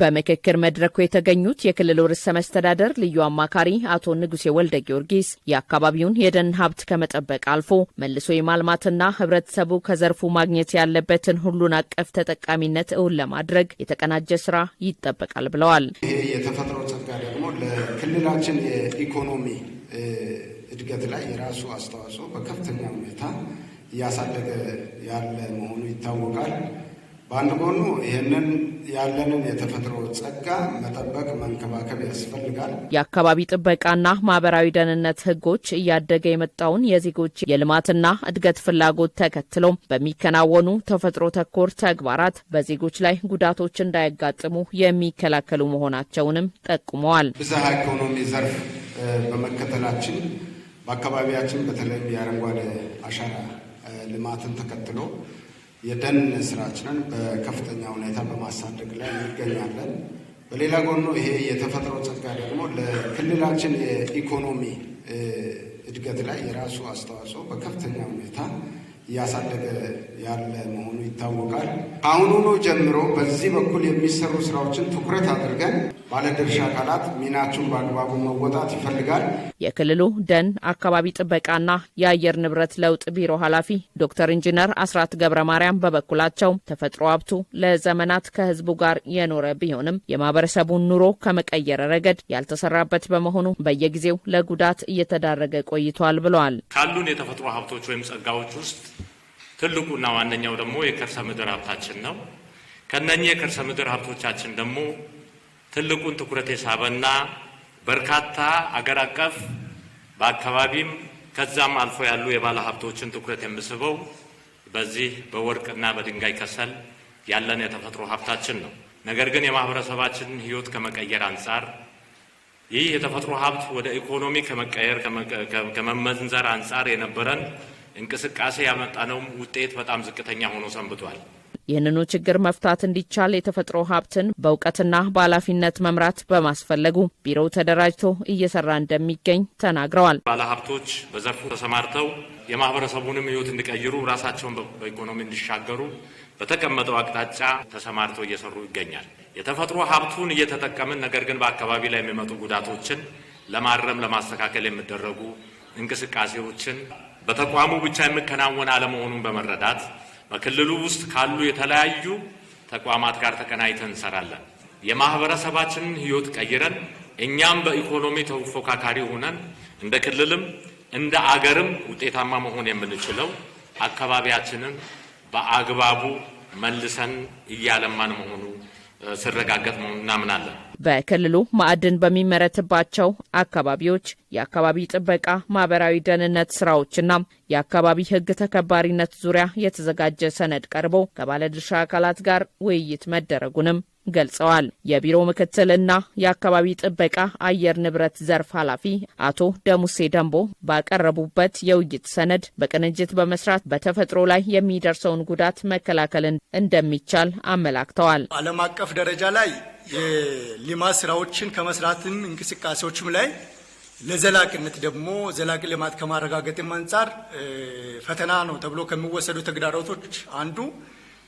በምክክር መድረኩ የተገኙት የክልሉ ርዕሰ መስተዳደር ልዩ አማካሪ አቶ ንጉሴ ወልደ ጊዮርጊስ የአካባቢውን የደን ሀብት ከመጠበቅ አልፎ መልሶ የማልማትና ህብረተሰቡ ከዘርፉ ማግኘት ያለበትን ሁሉን አቀፍ ተጠቃሚነት እውን ለማድረግ የተቀናጀ ስራ ይጠበቃል ብለዋል። ይህ የተፈጥሮ ጸጋ ደግሞ ለክልላችን የኢኮኖሚ እድገት ላይ የራሱ አስተዋጽኦ በከፍተኛ ሁኔታ እያሳደገ ያለ መሆኑ ይታወቃል። በአንድ ጎኑ ይህንን ያለንን የተፈጥሮ ጸጋ መጠበቅ መንከባከብ ያስፈልጋል። የአካባቢ ጥበቃና ማህበራዊ ደህንነት ህጎች እያደገ የመጣውን የዜጎች የልማትና እድገት ፍላጎት ተከትሎ በሚከናወኑ ተፈጥሮ ተኮር ተግባራት በዜጎች ላይ ጉዳቶች እንዳያጋጥሙ የሚከላከሉ መሆናቸውንም ጠቁመዋል። ብዝሃ ኢኮኖሚ ዘርፍ በመከተላችን በአካባቢያችን በተለይም የአረንጓዴ አሻራ ልማትን ተከትሎ የደን ስራችንን በከፍተኛ ሁኔታ በማሳደግ ላይ እንገኛለን። በሌላ ጎኑ ይሄ የተፈጥሮ ጸጋ ደግሞ ለክልላችን የኢኮኖሚ እድገት ላይ የራሱ አስተዋጽኦ በከፍተኛ ሁኔታ እያሳደገ ያለ መሆኑ ይታወቃል። ከአሁኑኑ ጀምሮ በዚህ በኩል የሚሰሩ ስራዎችን ትኩረት አድርገን ባለድርሻ አካላት ሚናችን በአግባቡ መወጣት ይፈልጋል። የክልሉ ደን አካባቢ ጥበቃና የአየር ንብረት ለውጥ ቢሮ ኃላፊ ዶክተር ኢንጂነር አስራት ገብረ ማርያም በበኩላቸው ተፈጥሮ ሀብቱ ለዘመናት ከህዝቡ ጋር የኖረ ቢሆንም የማህበረሰቡን ኑሮ ከመቀየር ረገድ ያልተሰራበት በመሆኑ በየጊዜው ለጉዳት እየተዳረገ ቆይቷል ብለዋል። ካሉን የተፈጥሮ ሀብቶች ወይም ጸጋዎች ውስጥ ትልቁና ዋነኛው ደግሞ የከርሰ ምድር ሀብታችን ነው። ከነኚህ የከርሰ ምድር ሀብቶቻችን ደግሞ ትልቁን ትኩረት የሳበና በርካታ አገር አቀፍ በአካባቢም ከዛም አልፎ ያሉ የባለ ሀብቶችን ትኩረት የምስበው በዚህ በወርቅና በድንጋይ ከሰል ያለን የተፈጥሮ ሀብታችን ነው። ነገር ግን የማህበረሰባችን ህይወት ከመቀየር አንጻር ይህ የተፈጥሮ ሀብት ወደ ኢኮኖሚ ከመቀየር ከመመንዘር አንጻር የነበረን እንቅስቃሴ ያመጣነውም ውጤት በጣም ዝቅተኛ ሆኖ ሰንብቷል። ይህንኑ ችግር መፍታት እንዲቻል የተፈጥሮ ሀብትን በእውቀትና በኃላፊነት መምራት በማስፈለጉ ቢሮው ተደራጅቶ እየሰራ እንደሚገኝ ተናግረዋል። ባለሀብቶች በዘርፉ ተሰማርተው የማህበረሰቡንም ህይወት እንዲቀይሩ ራሳቸውን በኢኮኖሚ እንዲሻገሩ በተቀመጠው አቅጣጫ ተሰማርተው እየሰሩ ይገኛል። የተፈጥሮ ሀብቱን እየተጠቀምን ነገር ግን በአካባቢ ላይ የሚመጡ ጉዳቶችን ለማረም ለማስተካከል የሚደረጉ እንቅስቃሴዎችን በተቋሙ ብቻ የሚከናወን አለመሆኑን በመረዳት በክልሉ ውስጥ ካሉ የተለያዩ ተቋማት ጋር ተቀናይተን እንሰራለን። የማህበረሰባችንን ህይወት ቀይረን እኛም በኢኮኖሚ ተፎካካሪ ሆነን እንደ ክልልም እንደ አገርም ውጤታማ መሆን የምንችለው አካባቢያችንን በአግባቡ መልሰን እያለማን መሆኑ ስረጋገጥ መሆኑ እናምናለን። በክልሉ ማዕድን በሚመረትባቸው አካባቢዎች የአካባቢ ጥበቃ፣ ማህበራዊ ደህንነት ስራዎችና የአካባቢ ሕግ ተከባሪነት ዙሪያ የተዘጋጀ ሰነድ ቀርቦ ከባለድርሻ አካላት ጋር ውይይት መደረጉንም ገልጸዋል። የቢሮ ምክትል እና የአካባቢ ጥበቃ አየር ንብረት ዘርፍ ኃላፊ አቶ ደሙሴ ደንቦ ባቀረቡበት የውይይት ሰነድ በቅንጅት በመስራት በተፈጥሮ ላይ የሚደርሰውን ጉዳት መከላከልን እንደሚቻል አመላክተዋል። ዓለም አቀፍ ደረጃ ላይ የልማት ስራዎችን ከመስራትም እንቅስቃሴዎችም ላይ ለዘላቂነት ደግሞ ዘላቂ ልማት ከማረጋገጥም አንጻር ፈተና ነው ተብሎ ከሚወሰዱ ተግዳሮቶች አንዱ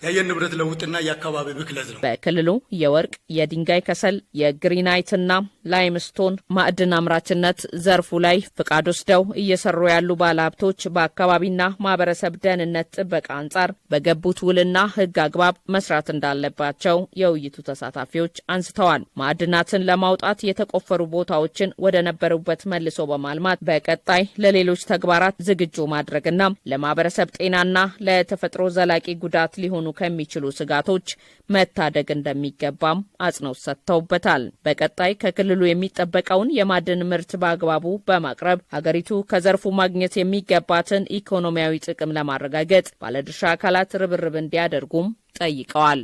የአየር ንብረት ለውጥና የአካባቢ ብክለት ነው። በክልሉ የወርቅ የድንጋይ ከሰል የግሪናይትና ላይምስቶን ማዕድን አምራችነት ዘርፉ ላይ ፍቃድ ወስደው እየሰሩ ያሉ ባለሀብቶች በአካባቢና ማህበረሰብ ደህንነት ጥበቃ አንጻር በገቡት ውልና ሕግ አግባብ መስራት እንዳለባቸው የውይይቱ ተሳታፊዎች አንስተዋል። ማዕድናትን ለማውጣት የተቆፈሩ ቦታዎችን ወደ ነበሩበት መልሶ በማልማት በቀጣይ ለሌሎች ተግባራት ዝግጁ ማድረግና ለማህበረሰብ ጤናና ለተፈጥሮ ዘላቂ ጉዳት ሊሆኑ ከሚችሉ ስጋቶች መታደግ እንደሚገባም አጽንኦት ሰጥተውበታል። በቀጣይ ከክልሉ የሚጠበቀውን የማዕድን ምርት በአግባቡ በማቅረብ ሀገሪቱ ከዘርፉ ማግኘት የሚገባትን ኢኮኖሚያዊ ጥቅም ለማረጋገጥ ባለድርሻ አካላት ርብርብ እንዲያደርጉም ጠይቀዋል።